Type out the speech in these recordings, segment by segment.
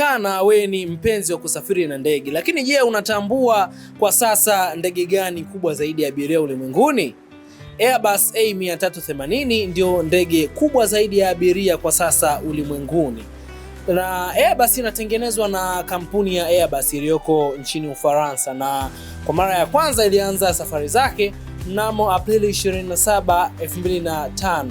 Inawezekana we ni mpenzi wa kusafiri na ndege, lakini je, unatambua kwa sasa ndege gani kubwa zaidi ya abiria ulimwenguni? Airbus A380 ndio ndege kubwa zaidi ya abiria kwa sasa ulimwenguni. Na Airbus inatengenezwa na kampuni ya Airbus iliyoko nchini Ufaransa na kwa mara ya kwanza ilianza safari zake mnamo Aprili 27, 2005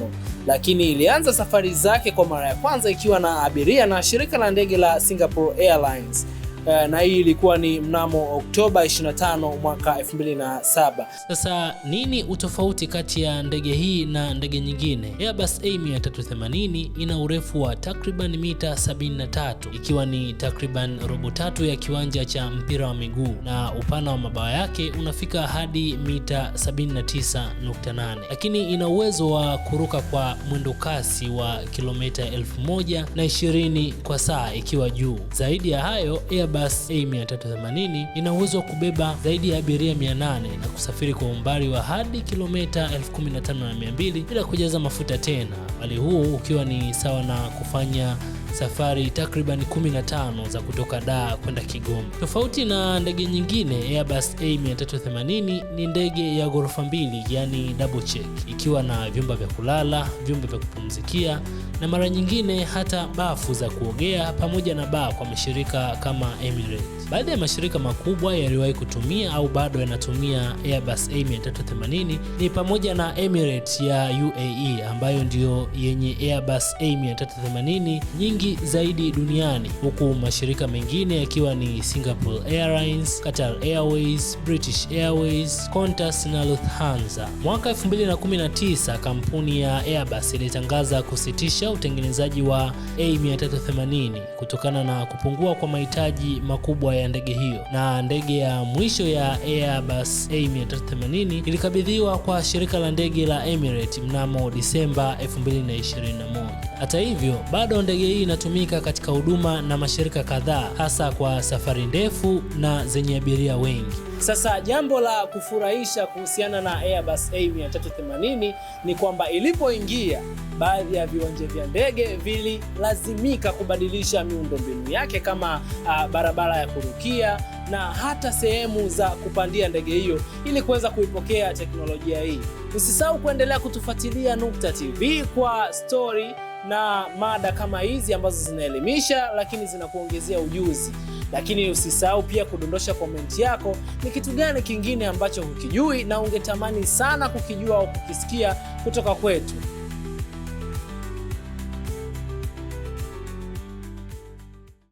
lakini ilianza safari zake kwa mara ya kwanza ikiwa na abiria na shirika la ndege la Singapore Airlines. Eh, na hii ilikuwa ni mnamo Oktoba 25 mwaka 2007. Sasa nini utofauti kati ya ndege hii na ndege nyingine? Airbus A380 ina urefu wa takriban mita 73 ikiwa ni takriban robo tatu ya kiwanja cha mpira wa miguu na upana wa mabawa yake unafika hadi mita 79.8, lakini ina uwezo wa kuruka kwa mwendo kasi wa kilomita 1020 kwa saa ikiwa juu. Zaidi ya hayo Airbus Airbus A380 ina uwezo wa kubeba zaidi ya abiria 800 na kusafiri kwa umbali wa hadi kilomita 15200 bila kujaza mafuta tena, bali huu ukiwa ni sawa na kufanya safari takriban 15 za kutoka Dar kwenda Kigoma. Tofauti na ndege nyingine, Airbus A380 ni ndege ya ghorofa mbili, yani double check, ikiwa na vyumba vya kulala, vyumba vya kupumzikia na mara nyingine hata bafu za kuogea pamoja na baa kwa mashirika kama Emirates. Baadhi ya mashirika makubwa yaliwahi kutumia au bado yanatumia Airbus A380 ni pamoja na Emirates ya UAE ambayo ndiyo yenye Airbus A380 nyingi nyingi zaidi duniani huku mashirika mengine yakiwa ni Singapore Airlines, Qatar Airways, British Airways, Qantas na Lufthansa. Mwaka 2019 kampuni ya Airbus ilitangaza kusitisha utengenezaji wa A380 kutokana na kupungua kwa mahitaji makubwa ya ndege hiyo, na ndege ya mwisho ya Airbus A380 ilikabidhiwa kwa shirika la ndege la Emirates mnamo Disemba 2021. Hata hivyo, bado ndege hii inatumika katika huduma na mashirika kadhaa, hasa kwa safari ndefu na zenye abiria wengi. Sasa jambo la kufurahisha kuhusiana na Airbus A380 ni kwamba ilipoingia, baadhi ya viwanja vya ndege vililazimika kubadilisha miundombinu yake kama a, barabara ya kurukia na hata sehemu za kupandia ndege hiyo ili kuweza kuipokea teknolojia hii. Usisahau kuendelea kutufuatilia Nukta TV kwa stori na mada kama hizi ambazo zinaelimisha, lakini zinakuongezea ujuzi. Lakini usisahau pia kudondosha komenti yako, ni kitu gani kingine ambacho hukijui na ungetamani sana kukijua au kukisikia kutoka kwetu.